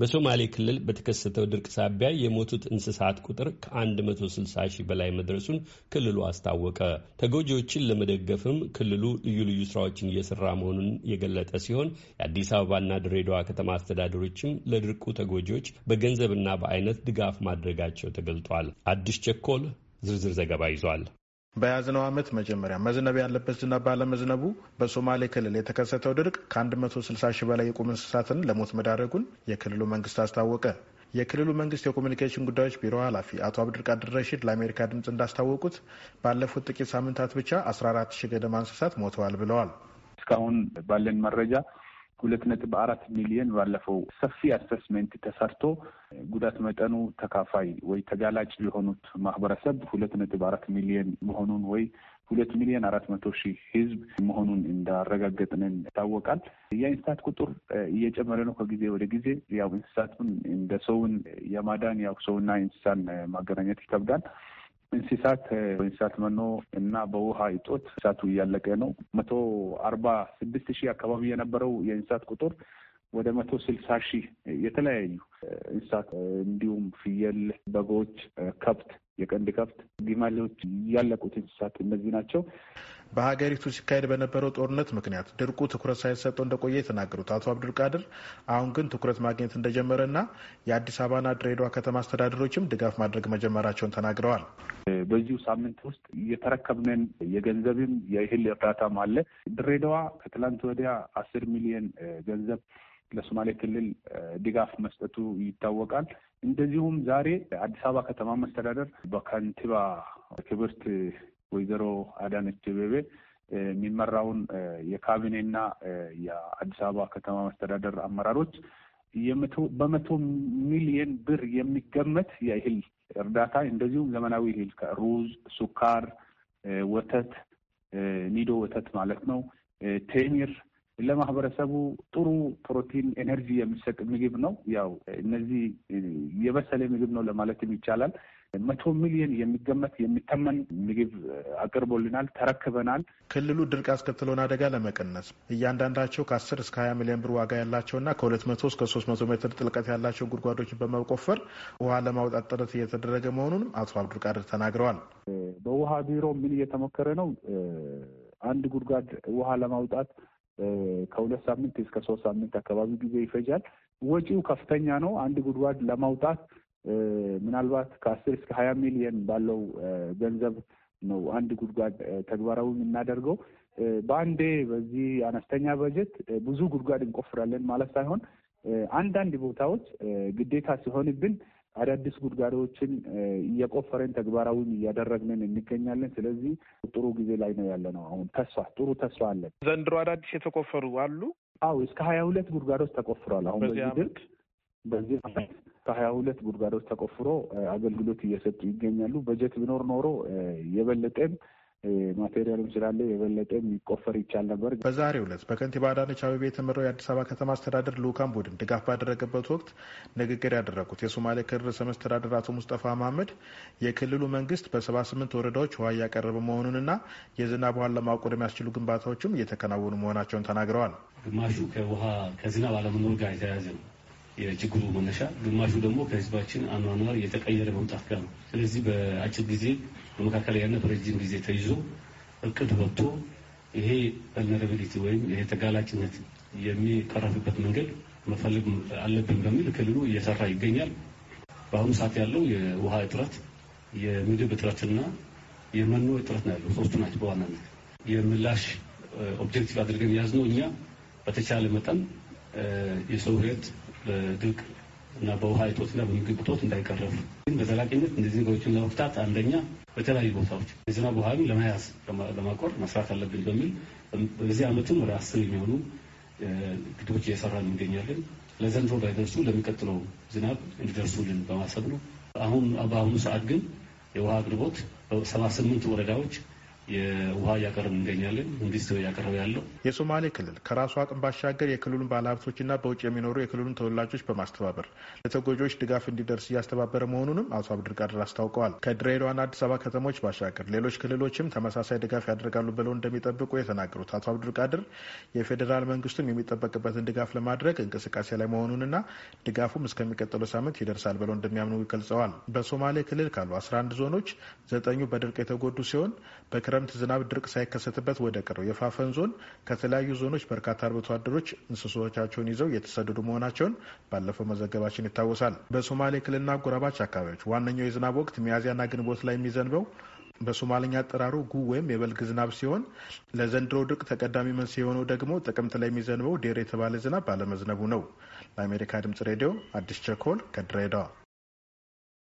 በሶማሌ ክልል በተከሰተው ድርቅ ሳቢያ የሞቱት እንስሳት ቁጥር ከ160 ሺህ በላይ መድረሱን ክልሉ አስታወቀ። ተጎጂዎችን ለመደገፍም ክልሉ ልዩ ልዩ ስራዎችን እየሰራ መሆኑን የገለጠ ሲሆን የአዲስ አበባና ድሬዳዋ ከተማ አስተዳደሮችም ለድርቁ ተጎጂዎች በገንዘብና በአይነት ድጋፍ ማድረጋቸው ተገልጧል። አዲስ ቸኮል ዝርዝር ዘገባ ይዟል። በያዝነው ዓመት መጀመሪያ መዝነብ ያለበት ዝናብ ባለመዝነቡ በሶማሌ ክልል የተከሰተው ድርቅ ከ160 ሺህ በላይ የቁም እንስሳትን ለሞት መዳረጉን የክልሉ መንግስት አስታወቀ። የክልሉ መንግስት የኮሚኒኬሽን ጉዳዮች ቢሮ ኃላፊ አቶ አብዱልቃድር ረሺድ ለአሜሪካ ድምፅ እንዳስታወቁት ባለፉት ጥቂት ሳምንታት ብቻ 14 ሺህ ገደማ እንስሳት ሞተዋል ብለዋል። እስካሁን ባለን መረጃ ሁለት ነጥብ አራት ሚሊዮን ባለፈው ሰፊ አሰስሜንት ተሰርቶ ጉዳት መጠኑ ተካፋይ ወይ ተጋላጭ የሆኑት ማህበረሰብ ሁለት ነጥብ አራት ሚሊዮን መሆኑን ወይ ሁለት ሚሊዮን አራት መቶ ሺህ ህዝብ መሆኑን እንዳረጋገጥንን ይታወቃል። የእንስሳት ቁጥር እየጨመረ ነው ከጊዜ ወደ ጊዜ። ያው እንስሳቱን እንደ ሰውን የማዳን ያው ሰውና እንስሳን ማገናኘት ይከብዳል። እንስሳት እንስሳት መኖ እና በውሃ እጦት እንስሳቱ እያለቀ ነው። መቶ አርባ ስድስት ሺህ አካባቢ የነበረው የእንስሳት ቁጥር ወደ መቶ ስልሳ ሺህ የተለያዩ እንስሳት እንዲሁም ፍየል፣ በጎች፣ ከብት የቀንድ ከብት፣ ግመሎች ያለቁት እንስሳት እነዚህ ናቸው። በሀገሪቱ ሲካሄድ በነበረው ጦርነት ምክንያት ድርቁ ትኩረት ሳይሰጠው እንደቆየ የተናገሩት አቶ አብዱልቃድር አሁን ግን ትኩረት ማግኘት እንደጀመረና የአዲስ አበባና ድሬዳዋ ከተማ አስተዳደሮችም ድጋፍ ማድረግ መጀመራቸውን ተናግረዋል። በዚሁ ሳምንት ውስጥ የተረከብነን የገንዘብም የእህል እርዳታም አለ። ድሬዳዋ ከትላንት ወዲያ አስር ሚሊዮን ገንዘብ ለሶማሌ ክልል ድጋፍ መስጠቱ ይታወቃል። እንደዚሁም ዛሬ አዲስ አበባ ከተማ መስተዳደር በከንቲባ ክብርት ወይዘሮ አዳነች አቤቤ የሚመራውን የካቢኔና የአዲስ አበባ ከተማ መስተዳደር አመራሮች በመቶ ሚሊየን ብር የሚገመት የእህል እርዳታ እንደዚሁም ዘመናዊ እህል ሩዝ፣ ሱካር፣ ወተት፣ ኒዶ ወተት ማለት ነው፣ ቴሚር ለማህበረሰቡ ጥሩ ፕሮቲን፣ ኤነርጂ የሚሰጥ ምግብ ነው። ያው እነዚህ የበሰለ ምግብ ነው ለማለትም ይቻላል። መቶ ሚሊዮን የሚገመት የሚተመን ምግብ አቅርቦልናል፣ ተረክበናል። ክልሉ ድርቅ ያስከትለውን አደጋ ለመቀነስ እያንዳንዳቸው ከአስር እስከ ሀያ ሚሊዮን ብር ዋጋ ያላቸውና ከሁለት መቶ እስከ ሶስት መቶ ሜትር ጥልቀት ያላቸው ጉድጓዶችን በመቆፈር ውሃ ለማውጣት ጥረት እየተደረገ መሆኑንም አቶ አብዱልቃድር ተናግረዋል። በውሃ ቢሮ ምን እየተሞከረ ነው? አንድ ጉድጓድ ውሃ ለማውጣት ከሁለት ሳምንት እስከ ሶስት ሳምንት አካባቢ ጊዜ ይፈጃል። ወጪው ከፍተኛ ነው። አንድ ጉድጓድ ለማውጣት ምናልባት ከአስር እስከ ሀያ ሚሊየን ባለው ገንዘብ ነው አንድ ጉድጓድ ተግባራዊ የምናደርገው። በአንዴ በዚህ አነስተኛ በጀት ብዙ ጉድጓድ እንቆፍራለን ማለት ሳይሆን አንዳንድ ቦታዎች ግዴታ ሲሆንብን አዳዲስ ጉድጓዶችን እየቆፈረን ተግባራዊም እያደረግንን እንገኛለን። ስለዚህ ጥሩ ጊዜ ላይ ነው ያለ ነው። አሁን ተስፋ ጥሩ ተስፋ አለን። ዘንድሮ አዳዲስ የተቆፈሩ አሉ? አዎ እስከ ሀያ ሁለት ጉድጓዶች ተቆፍሯል። አሁን በዚህ ድርቅ በዚህ አመት ከሀያ ሁለት ጉድጓዶች ተቆፍሮ አገልግሎት እየሰጡ ይገኛሉ። በጀት ቢኖር ኖሮ የበለጠን ማቴሪያልም ስላለ የበለጠ የሚቆፈር ይቻል ነበር። በዛሬው ዕለት በከንቲባ አዳነች አቤቤ የተመራው የአዲስ አበባ ከተማ አስተዳደር ልዑካን ቡድን ድጋፍ ባደረገበት ወቅት ንግግር ያደረጉት የሶማሌ ክልል ርዕሰ መስተዳደር አቶ ሙስጠፋ መሀመድ የክልሉ መንግስት በሰባ ስምንት ወረዳዎች ውሃ እያቀረበ መሆኑንና የዝናብ ውሃን ለማቆር የሚያስችሉ ግንባታዎችም እየተከናወኑ መሆናቸውን ተናግረዋል። ግማሹ ከውሃ ከዝናብ አለመኖር ጋር የተያያዘ ነው። የችግሩ መነሻ፣ ግማሹ ደግሞ ከህዝባችን አኗኗር የተቀየረ መምጣት ጋር ነው። ስለዚህ በአጭር ጊዜ በመካከለኛና በረጅም ጊዜ ተይዞ እቅድ ወጥቶ ይሄ ቨልነራቢሊቲ ወይም ይሄ ተጋላጭነት የሚቀረፍበት መንገድ መፈለግ አለብን በሚል ክልሉ እየሰራ ይገኛል። በአሁኑ ሰዓት ያለው የውሃ እጥረት፣ የምግብ እጥረትና የመኖ እጥረት ነው ያለው። ሶስቱ ናቸው በዋናነት የምላሽ ኦብጀክቲቭ አድርገን የያዝነው እኛ በተቻለ መጠን የሰው ህይወት በድርቅ እና በውሃ እጦት እና በምግብ እጦት እንዳይቀረፉ ግን በዘላቂነት እነዚህ ነገሮችን ለመፍታት አንደኛ በተለያዩ ቦታዎች የዝናብ ውሃን ለመያዝ ለማቆር መስራት አለብን በሚል በዚህ ዓመትም ወደ አስር የሚሆኑ ግድቦች እየሰራ እንገኛለን። ለዘንድሮ ባይደርሱ ለሚቀጥለው ዝናብ እንዲደርሱልን በማሰብ ነው። አሁን በአሁኑ ሰዓት ግን የውሃ አቅርቦት ሰባ ስምንት ወረዳዎች የውሃ እያቀረብ እንገኛለን። መንግስት እያቀረበ ያለው የሶማሌ ክልል ከራሱ አቅም ባሻገር የክልሉን ባለሀብቶችና በውጭ የሚኖሩ የክልሉን ተወላጆች በማስተባበር ለተጎጂዎች ድጋፍ እንዲደርስ እያስተባበረ መሆኑንም አቶ አብድርቃድር አስታውቀዋል። ከድሬዳዋና አዲስ አበባ ከተሞች ባሻገር ሌሎች ክልሎችም ተመሳሳይ ድጋፍ ያደርጋሉ ብለው እንደሚጠብቁ የተናገሩት አቶ አብዱልቃድር የፌዴራል መንግስቱም የሚጠበቅበትን ድጋፍ ለማድረግ እንቅስቃሴ ላይ መሆኑንና ድጋፉም እስከሚቀጥለው ሳምንት ይደርሳል ብለው እንደሚያምኑ ገልጸዋል። በሶማሌ ክልል ካሉ 11 ዞኖች ዘጠኙ በድርቅ የተጎዱ ሲሆን የክረምት ዝናብ ድርቅ ሳይከሰትበት ወደ ቀረው የፋፈን ዞን ከተለያዩ ዞኖች በርካታ አርብቶ አደሮች እንስሶቻቸውን ይዘው የተሰደዱ መሆናቸውን ባለፈው መዘገባችን ይታወሳል። በሶማሌ ክልልና አጎራባች አካባቢዎች ዋነኛው የዝናብ ወቅት ሚያዝያና ግንቦት ላይ የሚዘንበው በሶማለኛ አጠራሩ ጉ ወይም የበልግ ዝናብ ሲሆን ለዘንድሮ ድርቅ ተቀዳሚ መንስኤ የሆነው ደግሞ ጥቅምት ላይ የሚዘንበው ዴር የተባለ ዝናብ ባለመዝነቡ ነው። ለአሜሪካ ድምጽ ሬዲዮ አዲስ ቸኮል ከድሬዳዋ